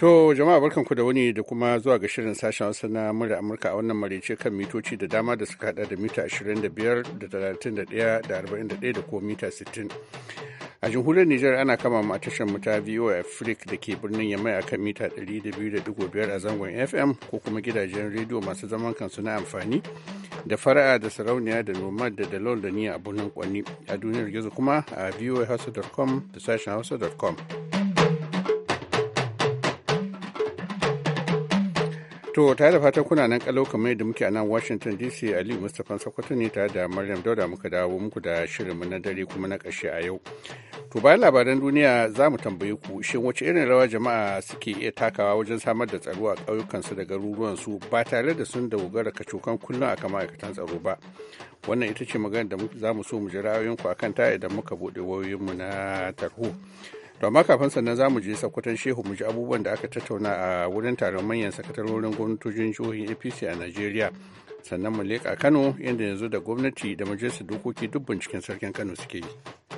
To jama'a barkanku da wani da kuma zuwa ga shirin sashen Hausa na murya Amurka a wannan marece kan mitoci da dama da suka hada da mita 25 da 31 da 41 da ko mita 60. A jamhuriyar Nijar ana kama mu a tashar mu ta VOA Africa da ke birnin Yamai a kan mita 200.5 a zangon FM ko kuma gidajen rediyo masu zaman kansu na amfani da fara'a da sarauniya da noma da dalol da niya a birnin Kwani a duniyar gizo kuma a voahausa.com da sashen hausa.com. To tare da fatan kuna nan kalau kamar yadda muke a nan Washington DC Ali Mustapha Sokoto ne tare da Maryam Dauda muka dawo muku da shirinmu na dare kuma na ƙarshe a yau. To bayan labaran duniya za mu tambaye ku shin wace irin rawa jama'a suke iya takawa wajen samar da tsaro a ƙauyukansu da garuruwansu ba tare da sun dogara kacokan kullum akan ma'aikatan tsaro ba. Wannan ita ce magana da za mu so mu ji ra'ayoyinku akan ta idan muka buɗe wayoyinmu na tarho. domin kafin sannan za mu je sakwatan shehu mu ji abubuwan da aka tattauna a wurin taron manyan sakatarorin gwamnatocin jihohin apc a najeriya sannan mu leƙa kano inda yanzu da gwamnati da majalisar dokoki duk binciken sarkin kano suke yi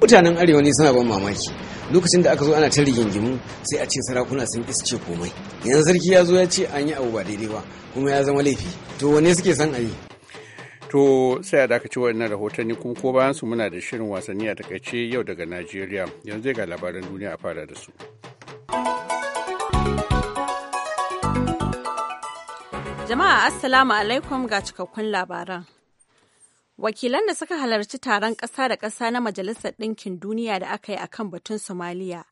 mutanen arewa ne suna ban mamaki lokacin da aka zo ana ta rigingimu sai a ce sarakuna sun isce komai yanzu sarki ya zo ya ce an yi abu ba daidai ba kuma ya zama laifi to wane suke san a yi To sai a dakaci waɗannan rahotanni kuma ko bayan su muna da shirin wasanni a takaice yau daga Najeriya yanzu ga labaran duniya a fara da su. Jama'a Assalamu alaikum ga cikakkun labaran. Wakilan da suka halarci taron ƙasa da ƙasa na Majalisar Ɗinkin Duniya da aka yi a kan batun Somaliya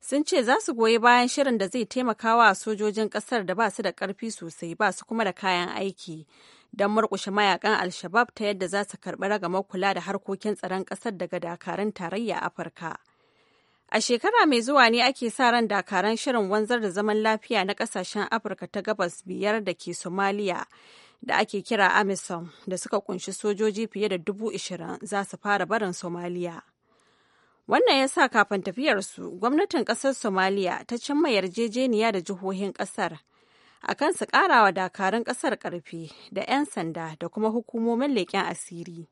sun ce za su goyi bayan shirin da zai taimaka wa sojojin ƙasar da ba su da ƙarfi sosai ba su kuma da kayan aiki don murƙushe mayakan alshabab ta yadda za su karɓi ragamar kula da harkokin tsaron ƙasar daga dakarun tarayya afirka a shekara mai zuwa ne ake sa ran dakaran shirin wanzar da zaman lafiya na ƙasashen afirka ta gabas biyar da ke somaliya da ake kira amisom da suka kunshi sojoji fiye da dubu ishirin za su fara barin somaliya wannan ya sa kafin tafiyarsu gwamnatin ƙasar somaliya ta cimma yarjejeniya da jihohin ƙasar a kan su ƙarawa dakarun ƙasar ƙarfi da 'yan sanda da kuma hukumomin leƙen asiri.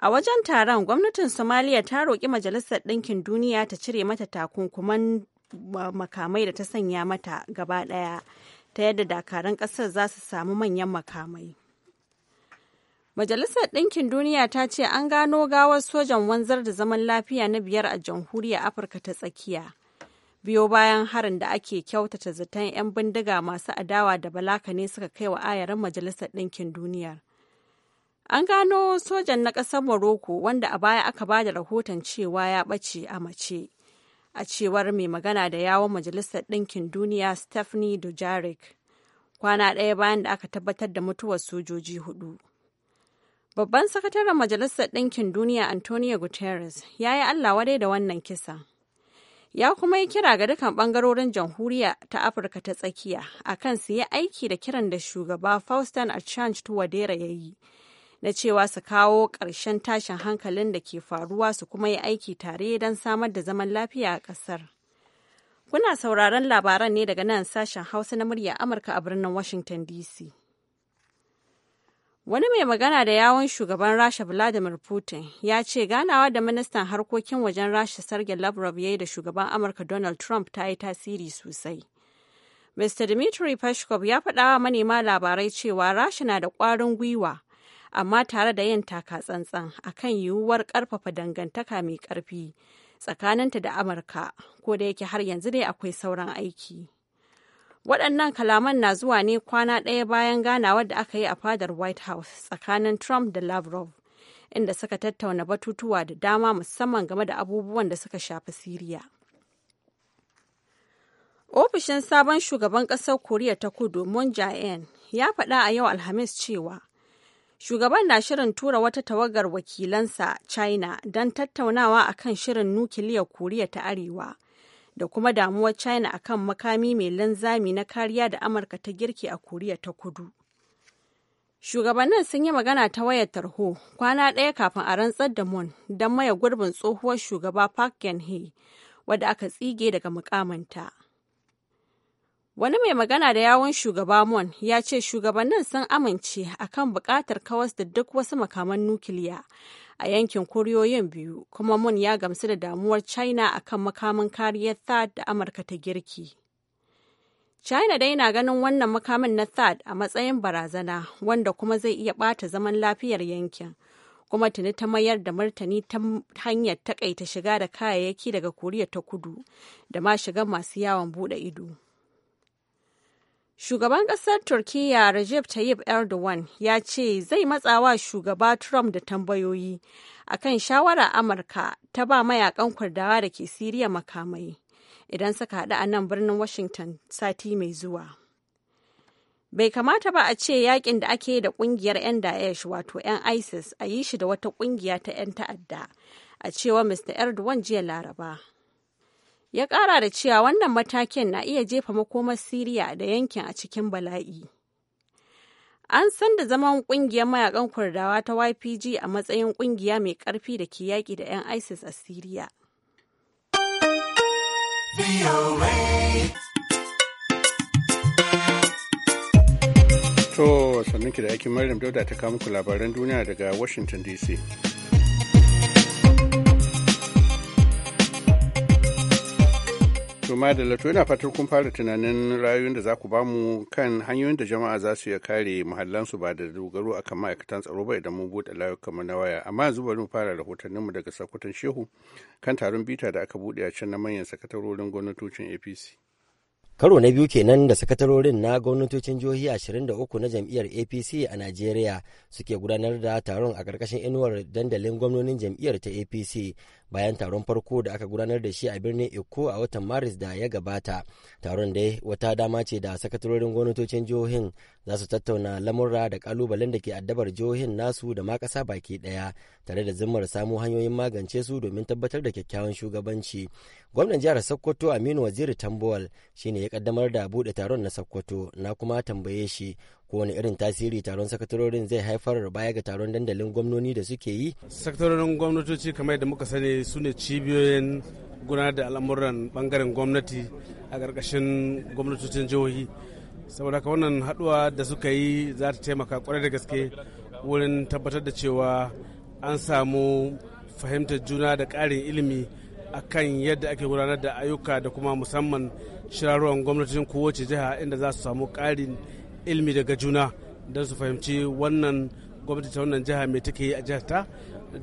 A wajen taron gwamnatin Somaliya ta roƙi Majalisar Ɗinkin Duniya ta cire mata takunkuman makamai da ta sanya mata gaba ɗaya ta yadda dakarun ƙasar za su samu manyan makamai. Majalisar Ɗinkin Duniya ta ce an gano gawar sojan wanzar da zaman lafiya na biyar a jamhuriyar Afirka ta tsakiya. biyo bayan harin da ake kyautata zaton 'yan bindiga masu adawa da balaka ne suka kai wa ayarin majalisar ɗinkin Duniya. An gano sojan na ƙasar Morocco wanda a baya aka ba da rahoton cewa ya ɓace a mace. A cewar mai magana da yawon Majalisar Ɗinkin Duniya Stephanie Dujarric, kwana ɗaya bayan da aka tabbatar da mutuwar sojoji hudu. Babban sakataren Majalisar Ɗinkin Duniya Antonio Guterres ya yi Allah wadai da wannan kisan ya kuma yi kira ga dukkan bangarorin jamhuriya ta afirka ta tsakiya a kan su yi aiki da kiran da shugaba faustin achange tuwadera ya yi na cewa su kawo ƙarshen tashin hankalin da ke faruwa su kuma yi aiki tare don samar da zaman lafiya a ƙasar kuna sauraron labaran ne daga nan sashen hausa na murya amurka a birnin washington dc Wani mai magana da yawon shugaban Rasha Vladimir Putin ya ce ganawa da ministan harkokin wajen Rasha Sergei Lavrov ya yi da shugaban Amurka Donald Trump ta yi tasiri sosai. Mr. Dmitry Peskov ya faɗa wa manema labarai cewa Rasha na da ƙwarin gwiwa, amma tare da yin taka tsantsan a kan yiwuwar ƙarfafa dangantaka mai ƙarfi tsakaninta da Amurka, ko da yake har yanzu dai akwai sauran aiki. Waɗannan kalaman na zuwa ne kwana ɗaya bayan ganawa da aka yi a fadar White House tsakanin Trump da Lavrov, inda suka tattauna batutuwa da dama musamman game da abubuwan da suka shafi Siriya. Ofishin sabon shugaban ƙasar Koriya ta Kudu Moon jae ya faɗa a yau Alhamis cewa shugaban na shirin tura wata tawagar wakilansa China don tattaunawa akan shirin nukiliyar Koriya ta Arewa. da kuma damuwar China akan makami mai linzami na kariya da Amurka ta girki a Koriya ta Kudu. Shugabannin sun yi magana ta wayar tarho kwana ɗaya kafin a rantsar da Moon don maye gurbin tsohuwar shugaba Park Geun-hye wadda aka tsige daga mukamanta. Wani mai magana da yawon shugaba Mon ya ce shugabannin sun amince akan buƙatar kawas da duk wasu makaman nukiliya a yankin kuriyoyin biyu kuma mun ya gamsu da damuwar china akan makamin kariyar thad da amurka ta girki china dai na ganin wannan makamin na thad a matsayin barazana wanda kuma zai iya bata zaman lafiyar yankin kuma tuni ta mayar da martani ta hanyar takaita shiga da kayayyaki daga koriya ta kudu da ma shiga masu yawon bude ido Shugaban ƙasar Turkiyya Recep Tayyip Erdogan ya ce zai matsawa shugaba Trump da tambayoyi akan shawarar Amurka ta ba mayakan kwardawa da ke Siriya makamai idan suka haɗu a nan birnin Washington sati mai zuwa. Bai kamata ba a ce yakin da ake da ƙungiyar 'yan Daesh wato 'yan ISIS a yi shi da wata ƙungiya ta 'yan ta'adda, a cewa Mr. Erdogan jiya Laraba. ya kara da cewa wannan matakin na iya jefa makomar siriya da yankin a cikin bala'i an san da zaman ƙungiyar mayakan kurdawa ta ypg a matsayin ƙungiya mai ƙarfi da ke yaƙi da 'yan isis a siriya To sannan ki da aikin Maryam Dauda ta kawo muku labaran duniya daga Washington DC. juma'a da lato yana fatar kun fara tunanin rayuwar da za ku ba mu kan hanyoyin da jama'a za su iya kare muhallansu ba da dogaro akan ma'aikatan tsaro ba idan mun buɗe layukanmu na waya. Amma yanzu bari mu fara mu daga sakutan Shehu kan taron bita da aka buɗe a can na manyan sakatarorin gwamnatocin APC. Karo na biyu kenan da sakatarorin na gwamnatocin jihohi 23 na jam'iyyar APC a Najeriya suke gudanar da taron a ƙarƙashin inuwar dandalin gwamnonin jam'iyyar ta APC bayan taron farko da aka gudanar da shi a birnin Eko a watan Maris da ya gabata. Taron dai wata dama ce da sakatarorin gwamnatocin jihohin za su tattauna lamurra da kalubalen da ke addabar jihohin nasu da ma kasa baki ɗaya tare da zimmar samu hanyoyin magance su domin tabbatar da kyakkyawan shugabanci. Gwamnan jihar Sokoto Aminu Waziri Tambuwal shine ya kaddamar da buɗe taron na Sokoto na kuma tambaye shi Ko wani irin tasiri taron sakatarorin zai haifar baya ga taron dandalin gwamnoni da suke yi sakatarorin gwamnatoci kamar yadda muka sani su ne cibiyoyin gudanar da al'amuran bangaren gwamnati a ƙarƙashin gwamnatocin jihohi saboda haka wannan haɗuwa da suka yi za ta taimaka kwarai da gaske wurin tabbatar da cewa an samu fahimtar juna da ƙarin ilimi akan yadda ake gudanar da ayyuka da kuma musamman shirarruwan gwamnatocin kowace jiha inda za su samu ƙarin ilmi daga juna don su fahimci wannan gwamnati ta wannan jiha mai take yi a jihar ta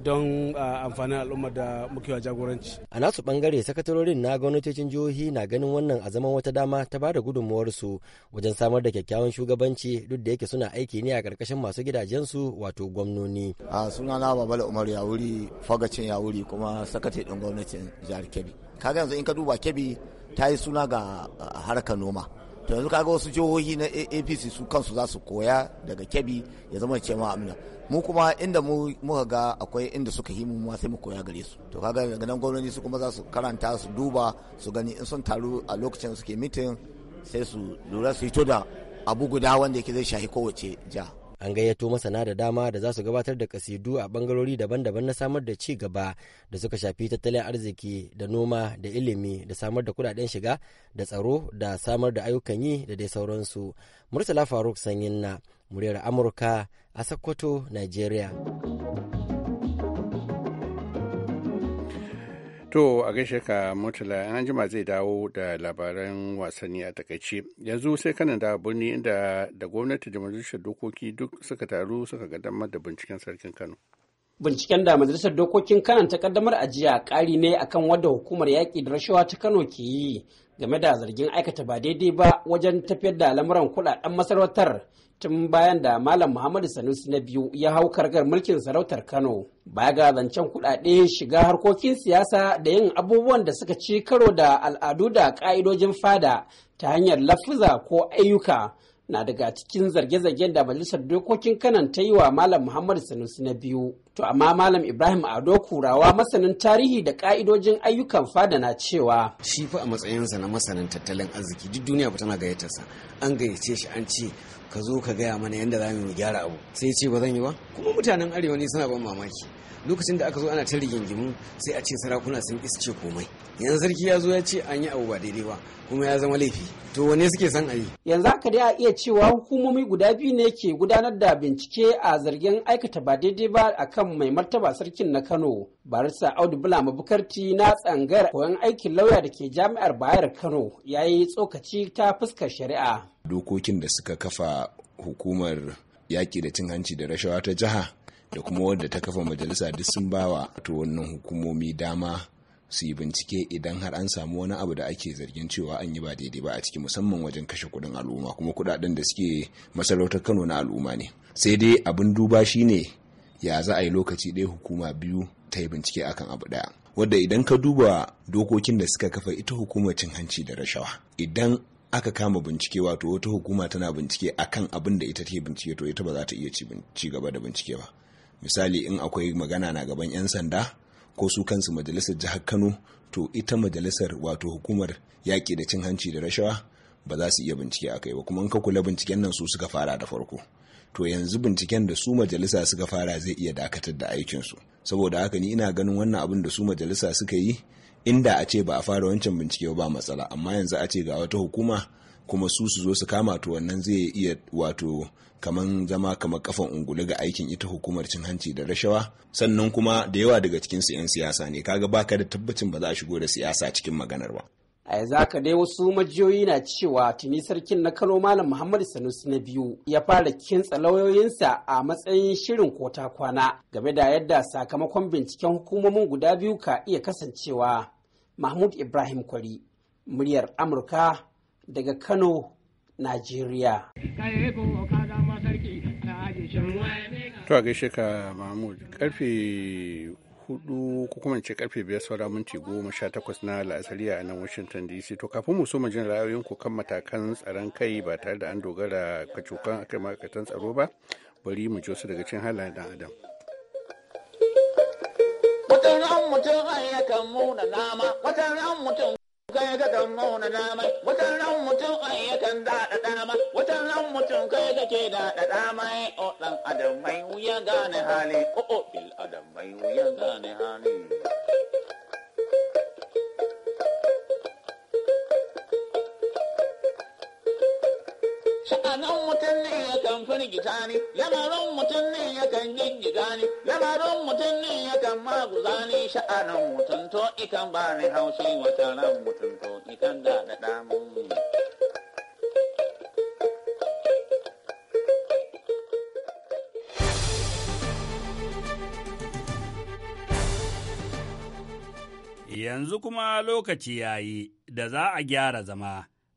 don amfanin al'umma da mukewa jagoranci. A nasu bangare sakatarorin na gwamnatocin jihohi na ganin wannan a zaman wata dama ta ba da gudunmuwarsu wajen samar da kyakkyawan shugabanci duk da yake suna aiki ne a ƙarƙashin masu gidajensu wato gwamnoni. A suna na Babala Umar Yawuri Fagacin Yawuri kuma sakatare ɗin gwamnatin jihar Kebbi. Kaga yanzu in ka duba Kebbi ta yi suna ga harkar noma. to yanzu kaga wasu jihohi na apc su kansu za su koya daga kebi ya zama cewa amina mu kuma inda mu muka ga akwai inda suka yi mu ma sai mu koya gare su to kaga daga nan gwamnati su kuma za su karanta su duba su gani in sun taru a lokacin suke mitin sai su lura su hito da abu guda wanda yake zai shahi kowace jiha an gayyato masana da dama da za su gabatar da kasidu a bangarori daban-daban na samar da ci gaba da suka shafi tattalin arziki da noma da ilimi da samar da kudaden shiga da tsaro da samar da ayyukan yi da dai sauransu murtala faruk sanyin na muryar amurka a sokoto nigeria To a gaishe ka mutala an jima zai dawo da labaran wasanni a takaice. Yanzu sai kanan da birni inda da gwamnati da majalisar dokoki duk suka taru suka kaddamar da binciken sarkin Kano. Binciken da majalisar dokokin Kano ta kaddamar a jiya ƙari ne akan wadda hukumar yaƙi da rashawa ta Kano ke yi game da zargin aikata ba daidai ba wajen tafiyar da lamuran kuɗaɗen masarautar tun bayan da Malam Muhammadu Sanusi na biyu ya hau kargar mulkin sarautar Kano. Baya ga zancen kuɗaɗe shiga harkokin siyasa da yin abubuwan da suka ci karo da al'adu da ka'idojin fada ta hanyar lafuza ko ayyuka na daga cikin zarge-zargen da majalisar dokokin kanan ta yi wa Malam Muhammadu Sanusi na biyu. To amma Malam Ibrahim Ado Kurawa masanin tarihi da ka'idojin ayyukan fada na cewa. Shi fa a matsayinsa na masanin tattalin arziki duk duniya ba tana gayyatarsa. An gayyace shi an ce ka zo ka gaya mana yadda za mu gyara abu sai ce ba zan yi ba kuma mutanen arewa ne suna ban mamaki lokacin da aka zo ana ta rigingimu sai a ce sarakuna sun iske komai yanzu sarki ya zo ya ce an yi abu ba daidai ba kuma ya zama laifi to wane suke san a yi yanzu haka dai a iya cewa hukumomi guda biyu ne ke gudanar da bincike a zargin aikata ba daidai ba akan mai martaba sarkin na kano barista audu bula mabukarti na tsangayar koyon aikin lauya da ke jami'ar bayar kano ya yi tsokaci ta fuskar shari'a dokokin da suka kafa hukumar yaƙi da cin hanci da rashawa ta jiha da kuma wadda ta kafa majalisa duk sun bawa to wannan hukumomi dama su yi bincike idan har an samu wani abu da ake zargin cewa an yi ba daidai ba a ciki musamman wajen kashe kuɗin al'umma kuma kuɗaɗen da suke masarautar kano na al'umma ne sai dai abin duba shi ne ya za a yi lokaci ɗaya hukuma biyu ta yi bincike akan abu ɗaya wadda idan ka duba dokokin da suka kafa ita hukumar cin hanci da rashawa idan aka kama bincike wato wata hukuma tana bincike akan abin da ita take bincike to ita ba za ta iya ci gaba da bincike ba misali in akwai magana na gaban 'yan sanda ko su kansu majalisar jihar kano to ita majalisar wato hukumar yaƙi da cin hanci da rashawa ba za su iya bincike a kai ba kuma in ka kula binciken nan su suka fara da farko to yanzu binciken da su majalisa suka fara zai iya dakatar da aikinsu saboda haka ni ina ganin wannan abin da su majalisa suka yi inda a ce ba a fara wancan bincike ba matsala amma yanzu a ce ga wata hukuma kuma su su zo su kama to wannan zai iya wato kaman zama kamar kafan ungulu ga aikin ita hukumar cin hanci da rashawa sannan kuma da yawa daga cikin su 'yan siyasa ne kaga baka da tabbacin ba za a shigo da siyasa cikin maganar ba a yanzu haka dai wasu majiyoyi na cewa tuni sarkin na kano malam muhammadu sanusi na biyu ya fara kintsa lauyoyinsa a matsayin shirin kota kwana game da yadda sakamakon binciken hukumomin guda biyu ka iya kasancewa mahmud ibrahim kwari muryar amurka daga Kano, Najeriya. To a gaishe ka Mahmud karfe hudu ko kuma ce karfe biyar saura minti goma sha takwas na la'asari a nan Washington DC to kafin mu so mu jin ra'ayoyin ku kan matakan tsaron kai ba tare da an dogara kacokan akai ma'aikatan tsaro ba bari mu ji wasu daga cikin halayen dan adam. Mutum mutum ya kan muna nama, mutum mutum kai ga kan mauna dama watan ran mutum ai yakan daɗa dama watan ran mutum kai ga ke daɗa dama eh, o oh, dan adam mai wuya gane hali o oh, oh, bil adam mai wuya gane hali lamarin mutum ne ya kan gita ne lamarin mutum ne ya kan gida ne lamarin mutum ne ya kan maguza ne sha'anan mutum to ikan ba ni haushi wata ran mutum to ikan da da damun Yanzu kuma lokaci ya yi da za a gyara zama.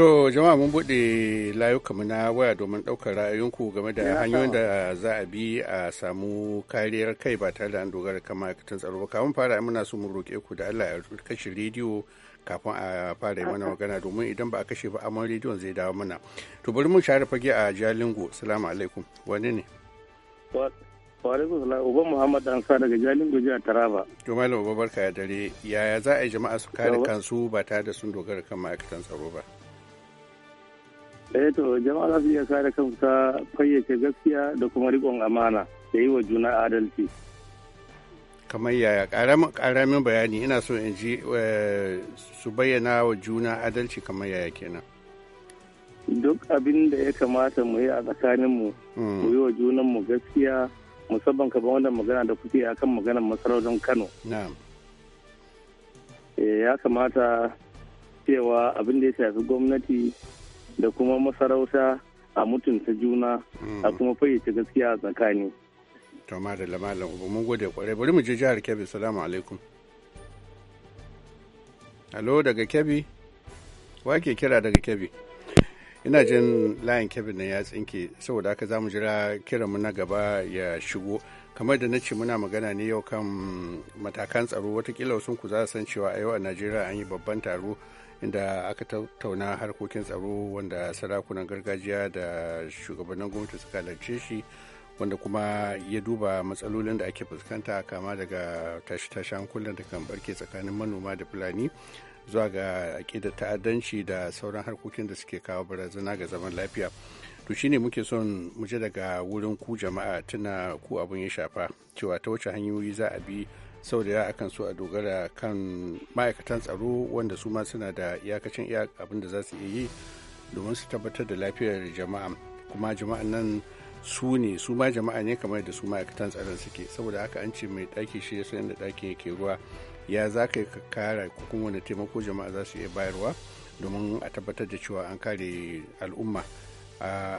To jama'a mun buɗe layukanmu na waya domin ɗaukar ra'ayinku game da hanyoyin da za a bi a samu kariyar kai ba tare da an dogara kan ma'aikatan tsaro ba. Kafin fara muna so mu roƙe ku da Allah ya kashe rediyo kafin a fara mana magana domin idan ba a kashe ba amon rediyon zai dawo mana. To bari mun share fage a Jalingo. Salamu alaikum. Wani ne? Wa salam. Uban Muhammad Ansa daga Jalingo jiya Taraba. To malam Uba barka ya dare. Yaya za a yi jama'a su kare kansu ba tare da sun dogara kan ma'aikatan tsaro ba? eh to jama'a za su iya kare kansu ta fayyace gaskiya da kuma riƙon amana da yi wa juna adalci kamar yaya ƙaramin bayani ina so in ji eh, su bayyana wa juna adalci kamar yaya kenan duk abin da ya kamata mu yi a tsakaninmu mm. mu yi wa junanmu gaskiya musamman kamar wannan magana da kuke a kan maganar masarautar kano eh, ya kamata cewa abin da ya shafi gwamnati da kuma masarauta a mutunta juna a hmm. kuma fayyace gaskiya a tsakani. To da malam ubu mun gode kwarai bari mu je jihar Kebbi salamu alaikum. Halo daga Kebbi wa ke kira daga Kebbi? Ina jin layin Kebbi na ya tsinke saboda haka za mu jira kiranmu na gaba ya shigo. kamar da na ce muna magana ne yau kan matakan tsaro watakila sun ku za san cewa a yau a najeriya an yi babban taro inda aka tattauna harkokin tsaro wanda sarakunan gargajiya da shugabannin gwamnati suka halarce shi wanda kuma ya duba matsalolin da ake fuskanta kama daga tashi-tashi hankulan da kan barke tsakanin manoma da fulani zuwa ga aƙidar ta'addanci da sauran harkokin da suke kawo barazana ga zaman lafiya to shine muke son muje daga wurin ku jama'a tuna ku abin ya shafa cewa ta wace hanyoyi za a bi saboda akan so a dogara kan ma'aikatan tsaro wanda su ma suna da iyakacin iya abin da za su iya yi domin su tabbatar da lafiyar jama'a kuma jama'an nan su ne su ma jama'a ne kamar da su ma'aikatan tsaron suke saboda haka an ce mai ɗaki shi ya san da ɗakin yake ruwa ya za ka kara ko kuma wani taimako jama'a za su iya bayarwa domin a tabbatar da cewa an kare al'umma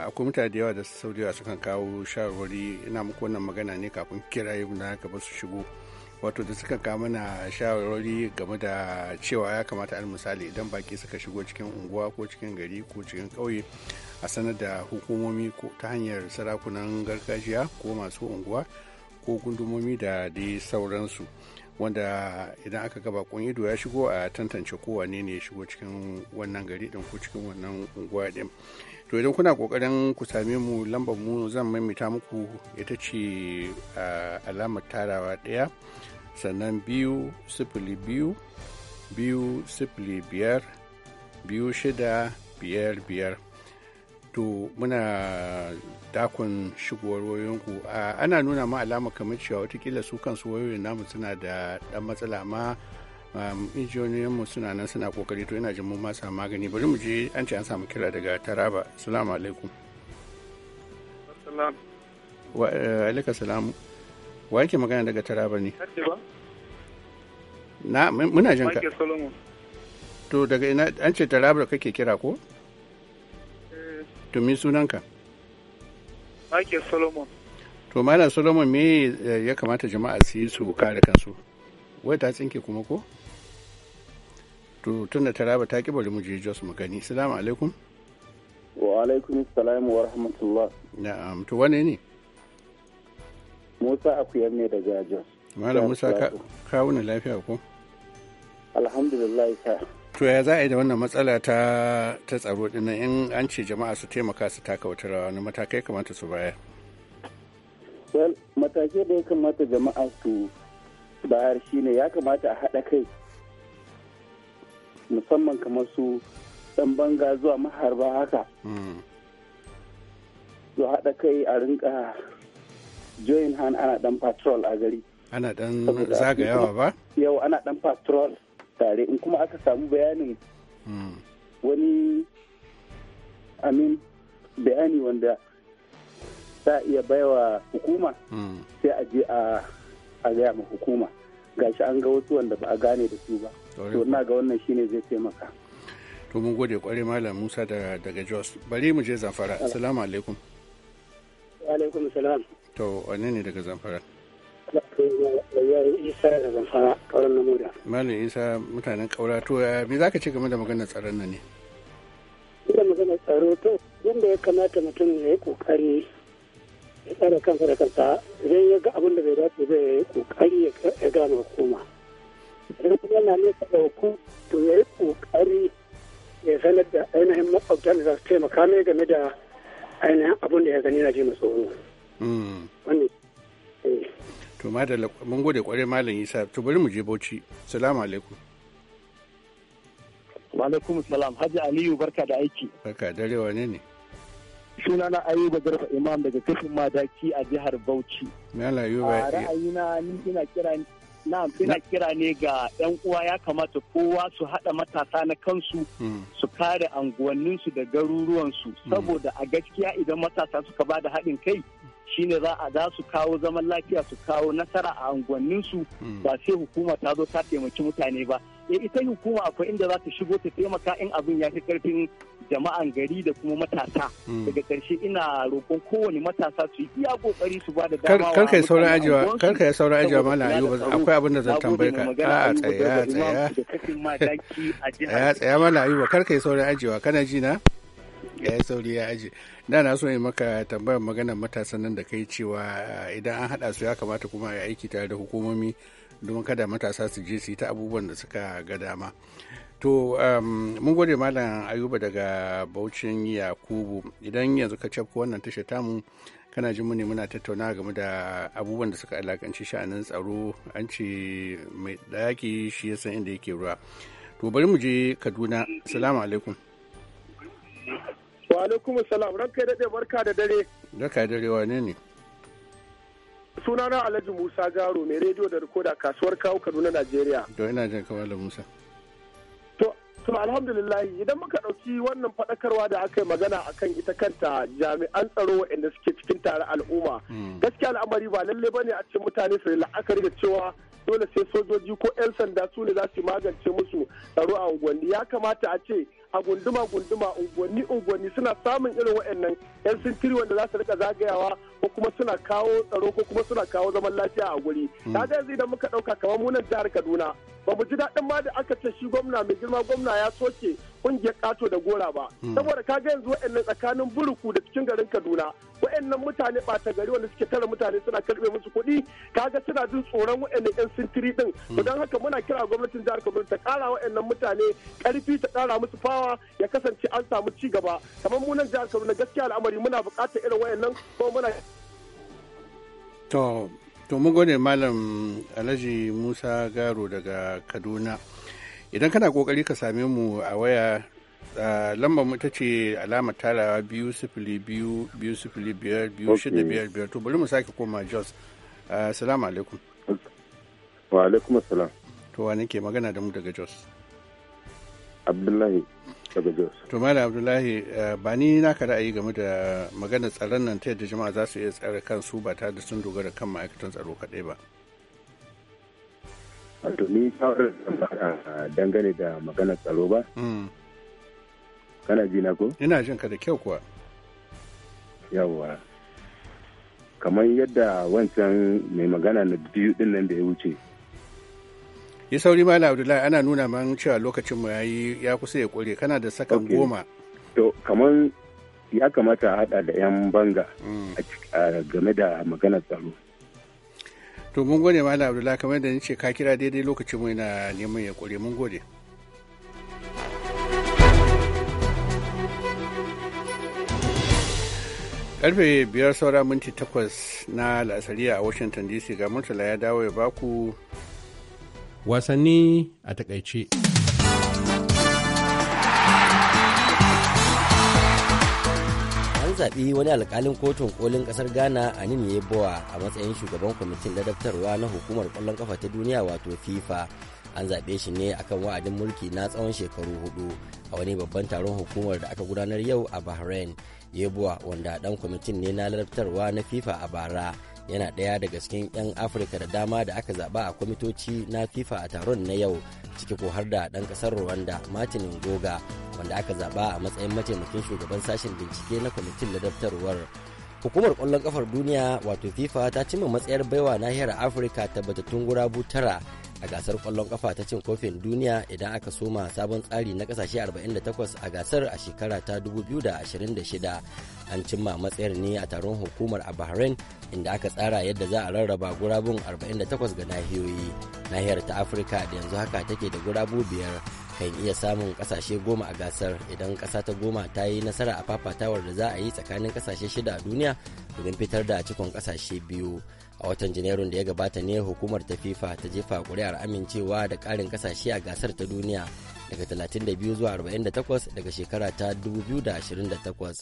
akwai mutane da yawa da sauriya sukan kawo shawarwari ina muku wannan magana ne kafin kiraye na gaba su shigo wato da suka kama na shawarwari game da cewa ya kamata al misali idan baki suka shigo cikin unguwa ko cikin gari ko cikin ƙauye a sanar da hukumomi ta hanyar sarakunan gargajiya ko masu unguwa ko gundumomi da dai sauransu wanda idan aka gaba kun ido ya shigo a tantance kowane ne ya shigo cikin wannan gari din ko cikin wannan unguwa din to idan kuna kokarin ku same mu lambar mu zan maimaita muku ita ce alamar tarawa daya. sannan biyu sifili biyu biyu sifili biyar biyu shida biyar biyar to muna dakon shigowar wayoyinku ana nuna ma alama kamar cewa watakila su kansu wayoyin namu suna da dan matsala um, injiniyan mu suna nan suna kokari to ina jin mun masa magani bari mu je an ce an samu kira daga taraba assalamu alaikum wa eh, alaika salam. wa yake magana daga taraba ne na muna jinka ka to daga ina an ce taraba kake kira ko eh. to mi sunanka Michael Solomon to malam Solomon me eh, ya kamata jama'a su yi su kare kansu wai ta tsinke kuma ko to tunda taraba ta kibar mu je Jos mu gani assalamu alaikum wa alaikum salam wa rahmatullah na'am to wane ne Musa Akuyar ne daga Jos. Malam Musa ka wuni lafiya ko? Alhamdulillah ka. To ya za a yi da wannan matsala ta ta tsaro dinnan in an ce jama'a su taimaka su taka wata rawa wani matakai kamata su bayar? Well, matakai da ya kamata jama'a su bayar shine ya kamata a haɗa kai musamman kamar su ɗan banga zuwa maharba haka. Zuwa hmm. haɗa kai a rinka join hand ana dan patrol a gari ana dan yawa ba yau ana dan patrol tare in kuma aka samu bayanin hmm. wani amin bayani wanda za iya baiwa hukuma hmm. sai a je a gaya ma hukuma gashi an ga wasu wanda ba a gane da su ba to na ga wannan shine zai taimaka to mun gode kware malam musa daga jos bari mu je zamfara assalamu alaikum alaikum salam to wane ne daga zamfara isa da zamfara malam isa mutanen ƙaura to me za ka ce game da maganar tsaron nan ne ina maganar tsaro to yadda ya kamata mutum ya yi kokari ya tsara kansa da kansa idan ya ga abin da bai dace ba ya yi kokari ya gane hukuma idan kuma yana nesa da hukum to ya yi kokari ya sanar da ainihin maƙwabta da za su taimaka mai game da ainihin abin da ya gani na ji tsoro. Mm. to madalla mun gode kwarai malam isa to bari mu je bauchi salamu alaikum wa alaikum salam haji aliyu barka da aiki barka dare wane ne suna na ayuba garba imam daga kafin madaki a jihar bauchi na layuba ra'ayina ni ina kira na ina kira ne ga yan uwa ya kamata kowa su hada matasa na kansu mm. su kare anguwanninsu da garuruwansu mm. saboda a gaskiya idan matasa suka ba da haɗin kai shine za a za su kawo zaman lafiya su kawo nasara a unguwanninsu hmm. ba sai hukuma ta zo ta taimaki mutane ba ya eh, ita hukuma akwai inda za ta shigo ta taimaka in abin ya fi karfin jama'an gari da kuma matasa hmm. daga karshe ina roƙon kowane matasa su yi iya kokari su ba da dama kar kai sauran ajiwa kar kai sauran ajiwa mallam ayu akwai abin da zan tambaye ka a tsaya a tsaya a tsaya mallam ayu kar kai sauran ajiwa kana ji na ya sauri ya aje da na so in maka tambayar maganar matasan nan da kai cewa ah, idan an haɗa su ya kamata kuma a aiki tare da hukumomi domin kada matasa su je su yi ta abubuwan da suka ga dama to mun gode malam ayuba daga baucin yakubu idan yanzu ka cafko wannan tashar tamu kana jin mu ne muna tattauna game da abubuwan da suka alakanci sha'anin tsaro an ce mai ɗaki shi ya san inda yake ruwa to bari mu je kaduna salamu alaikum Wa alaikum salam kai daɗe barka da dare. Barka da dare wane ne? Sunana Alhaji Musa Garo mai rediyo da rikoda kasuwar kawo Kaduna Najeriya. To ina jin kamar Musa. To alhamdulillah idan muka ɗauki wannan fadakarwa da aka yi magana akan ita kanta jami'an tsaro waɗanda suke cikin tare al'umma. Hmm. Gaskiya al'amari ba lalle ba ne a ce mutane su la'akari da cewa dole sai sojoji ko 'yan sanda su ne za su magance musu tsaro a unguwanni ya kamata a ce a gunduma gunduma unguwanni unguwanni suna samun irin waɗannan yan sintiri wanda za su rika zagayawa ko kuma suna kawo tsaro ko kuma suna kawo zaman lafiya a guri hmm. ga yanzu idan muka ɗauka kamar munan jihar Kaduna ba mu ji daɗin ma da aka ce shi gwamna mai girma gwamna ya soke kungiyar ƙato da gora ba hmm. saboda ka ga yanzu wa'annan tsakanin buruku da cikin garin kaduna wa'annan mutane ɓata gari wanda suke tara mutane suna karɓe musu kuɗi kaga suna jin tsoron wa'annan yan sintiri ɗin. Hmm. to don haka muna kira gwamnatin jihar kaduna ta ƙara wa'annan mutane ƙarfi ta ƙara musu fawa ya kasance an samu ci gaba kamar mu jihar kaduna gaskiya al'amari muna buƙatar irin wa'annan ko muna to mun gode malam alhaji musa garo daga kaduna idan kana kokari ka same mu a waya lambar mu ta ce alamar talawa biyu sifili biyu biyu sifili biyar biyu shida biyar biyar to bari mu sake koma jos salamu alaikum wa alaikum assalam to wa nake magana da mu daga jos abdullahi daga Jos. To Malam Abdullahi eh, ba ni naka ra'ayi game da magana tsaron nan ta yadda jama'a za su iya tsare kansu ba tare da sun dogara kan ma'aikatan tsaro kaɗai ba. to ni shawarar da eh, dangane da magana tsaro ba. Hmm. Kana ji na ko? Ina jin ka da kyau kuwa. Yawwa. Kamar yadda wancan mai magana na biyu din nan da ya wuce. yi sauri mala abdullahi ana nuna man cewa lokacin mu yayi ya kusa ya kure kana da sakan goma to kamar ya kamata a hada da yan banga mm. game da maganar tsaro to mun gode mala abdullahi kamar da nace ka kira daidai lokacin mu yana neman ya kure mun gode karfe biyar saura minti takwas na lasariya a washington dc ga murtala ya dawo ya baku wasanni a takaice. an zaɓi wani alkalin kotun kolin ƙasar ghana a nin yebowa a matsayin shugaban kwamitin ladabtarwa na hukumar ƙwallon ƙafa ta duniya wato fifa an zaɓe shi ne akan wa'adin mulki na tsawon shekaru hudu a wani babban taron hukumar da aka gudanar yau a bahrain yebuwa wanda dan kwamitin ne na ladabtarwa na fifa a bara yana ɗaya daga cikin 'yan afirka da dama da aka zaba a kwamitoci na fifa a taron na yau ciki ko har da ɗan ƙasar rwanda martin ngoga wanda aka zaba a matsayin mataimakin shugaban sashen bincike na kwamitin ladabtarwar hukumar kwallon ƙafar duniya wato fifa ta cimma matsayar baiwa nahiyar afirka tabbatattun gurabu tara a gasar kwallon kafa ta cin kofin duniya idan aka soma sabon tsari na kasashe 48 a gasar a shekara ta 2026 an cimma matsayar ne a taron hukumar a bahrain inda aka tsara yadda za a rarraba gurabun 48 ga nahiyoyi nahiyar ta afirka da yanzu haka take da gurabu biyar kan iya samun kasashe goma a gasar idan kasa ta goma ta yi nasara a fafatawar da za a yi tsakanin kasashe shida a duniya domin fitar da cikon kasashe biyu a watan janairun da ya gabata ne hukumar ta fifa ta jefa kuri'ar amincewa da karin kasashe a gasar ta duniya daga 32 zuwa 48 daga shekara ta 2028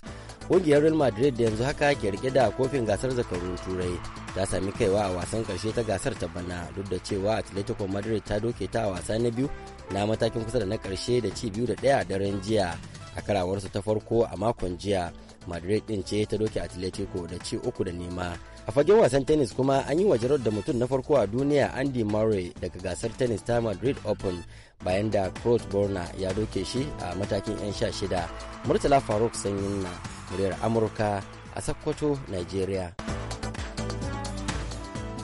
ƙungiyar real madrid da yanzu haka ke rike da kofin gasar zakarun turai ta sami kaiwa a wasan karshe ta gasar ta bana duk da cewa atletico madrid ta doke ta a wasa na biyu na matakin kusa da na karshe da ci biyu da ɗaya daren jiya a karawarsu ta farko a makon jiya madrid din ce ta doke atletico da ci uku da nema a fagen wasan tennis kuma an yi wajarar da mutum na farko a duniya andy murray daga gasar tennis ta madrid open bayan da Kroos borna ya doke shi a matakin 'yan sha shida murtala faruk sanyin na muryar amurka a sakkwato nigeria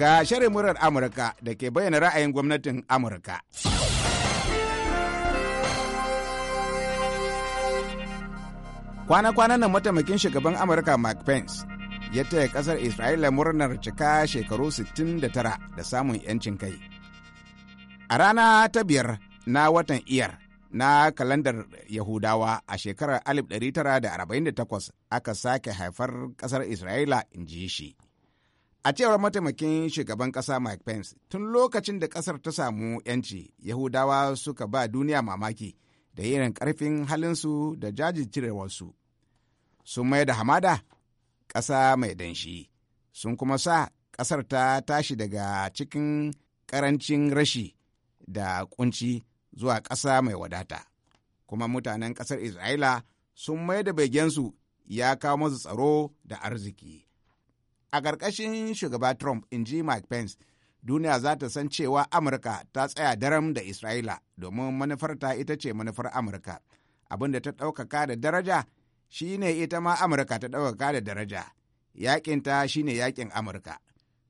ga shirin murar amurka da ke bayyana ra'ayin gwamnatin amurka kwana-kwanan nan mataimakin shugaban amurka mark pence ya taya kasar Isra'ila murnar cika shekaru 69 da samun 'yancin kai. A rana ta biyar na watan iyar na kalandar Yahudawa a shekarar 1948 aka sake haifar kasar Isra'ila in ji shi. A cewar mataimakin shugaban ƙasa Mike Pence, tun lokacin da ƙasar ta samu 'yanci, Yahudawa suka ba duniya mamaki da irin ƙarfin halinsu da jajircirewarsu. Sun mai da hamada ƙasa mai danshi sun kuma sa ƙasar ta tashi daga cikin ƙarancin rashi da ƙunci zuwa ƙasa mai wadata kuma mutanen ƙasar isra'ila sun mai da begensu ya kawo masu tsaro da arziki a ƙarƙashin shugaba trump in ji mike pence duniya za ta san cewa amurka ta tsaya daram da isra'ila domin manufarta ita ce manufar amurka abin da ta ɗaukaka da daraja shi ne ita ma Amurka ta ɗaukaka da daraja, yaƙinta shi ne yaƙin Amurka.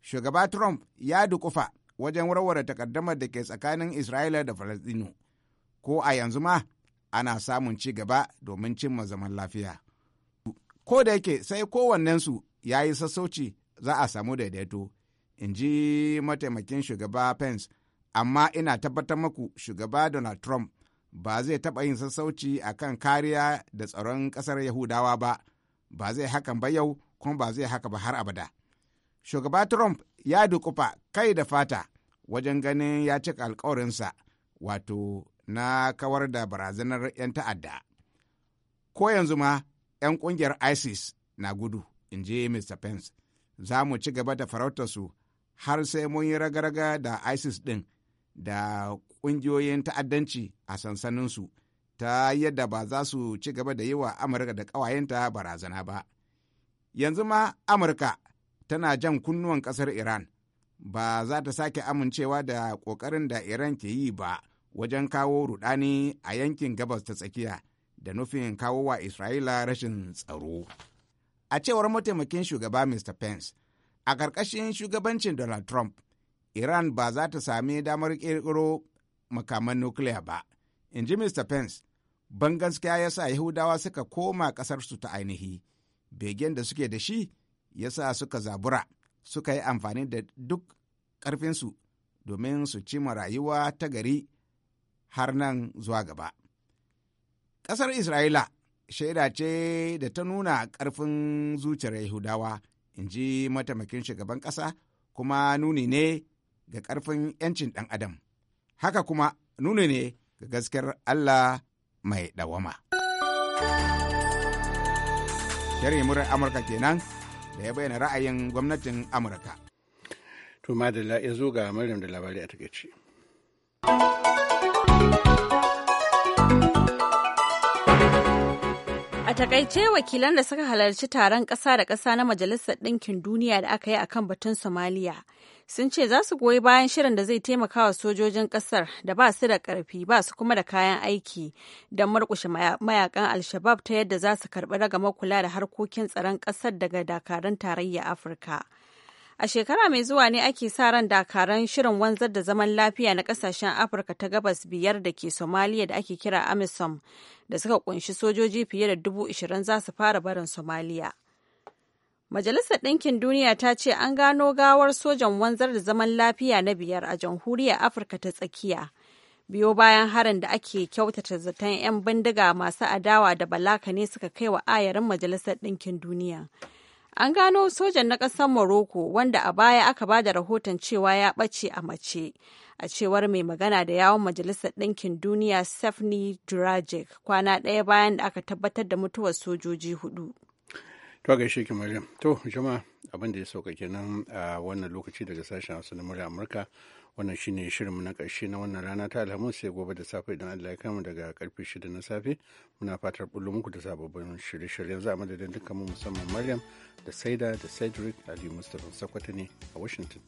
Shugaba Trump ya dukufa wajen warware takaddamar da ke tsakanin Isra'ila da Falasɗinu, ko a yanzu ma ana samun ci gaba domin cimma zaman lafiya. Ko da yake sai kowannensu ya yi sassauci za a samu daidaito, in ji mataimakin shugaba Pence, amma ina tabbatar maku shugaba Donald Trump ba zai taɓa yin sassauci a kan kariya da tsaron ƙasar Yahudawa ba, ba zai hakan ba yau kuma ba zai haka ba har abada. Shugaba Trump ya dukufa kai da fata wajen ganin ya cika alkawarinsa wato na kawar da barazanar 'yan ta'adda. Ko yanzu ma 'yan ƙungiyar ISIS na gudu, in ji Mr. Pence, za mu ci gaba da farautarsu har sai mun yi ragaraga da ISIS ɗin da ƙungiyoyin ta'addanci a sansaninsu ta yadda ba za su ci gaba da yi wa Amurka da ƙawayenta barazana ba. Yanzu ma Amurka tana jan kunnuwan ƙasar Iran ba za ta sake amincewa da ƙoƙarin da Iran ke yi ba wajen kawo rudani a yankin gabas ta tsakiya da nufin kawo wa Isra'ila rashin tsaro. A cewar mataimakin shugaba Mr. Pence, a ƙarƙashin shugabancin Donald Trump, Iran ba za ta sami damar ƙirƙiro makaman nukiliya ba in ji mr pence ban gaskiya ya sa yahudawa suka koma ƙasarsu ta ainihi begen da suke da shi ya sa suka zabura suka yi amfani da duk ƙarfinsu domin su cima rayuwa ta gari har nan zuwa gaba ƙasar isra'ila shaida ce da ta nuna ƙarfin zuciyar yahudawa in ji mataimakin shugaban ƙasa kuma nuni ne ga ƙarfin 'yancin ɗan adam haka kuma nuna ne ga gaskiyar Allah mai dawama. Shari'a murar Amurka kenan da ya bayyana ra'ayin gwamnatin Amurka. To da ya zo ga Maryam da labari a takaice. A takaice wakilan da suka halarci taron ƙasa da ƙasa na Majalisar Ɗinkin Duniya da aka yi akan batun Somaliya sun ce za su goyi bayan shirin da zai taimaka wa sojojin kasar da ba su da karfi ba su kuma da kayan aiki da murkushe mayakan alshabab ta yadda za su karɓi ragamar kula da harkokin tsaron kasar daga dakarun tarayya afirka a shekara mai zuwa ne ake sa ran dakarun shirin wanzar da zaman lafiya na kasashen afirka ta gabas biyar da ke somaliya da ake kira amisom da suka kunshi sojoji fiye da dubu ishirin za su fara barin somaliya Majalisar Ɗinkin Duniya ta ce an gano gawar sojan wanzar da zaman lafiya na biyar a jamhuriyar Afirka ta tsakiya. Biyo bayan harin da ake kyautata zaton 'yan bindiga masu adawa da balaka ne suka kai wa ayarin Majalisar Ɗinkin Duniya. An gano sojan na ƙasar Morocco wanda a baya aka ba da rahoton cewa ya ɓace a mace. A cewar mai magana da yawon Majalisar Ɗinkin Duniya Stephanie Durajic kwana ɗaya bayan da aka tabbatar da mutuwar sojoji hudu. To gaishe ki Maryam. To jama'a abin da ya sauka kenan a wannan lokaci daga sashen Hausa na murya Amurka. Wannan shine shirinmu na ƙarshe na wannan rana ta Alhamis sai gobe da safe idan Allah ya kama daga karfe shida na safe. Muna fatar bullo muku da sababbin shirye-shiryen za a madadin mu musamman Maryam da Saida da Cedric Ali Mustapha Sakwata ne a Washington.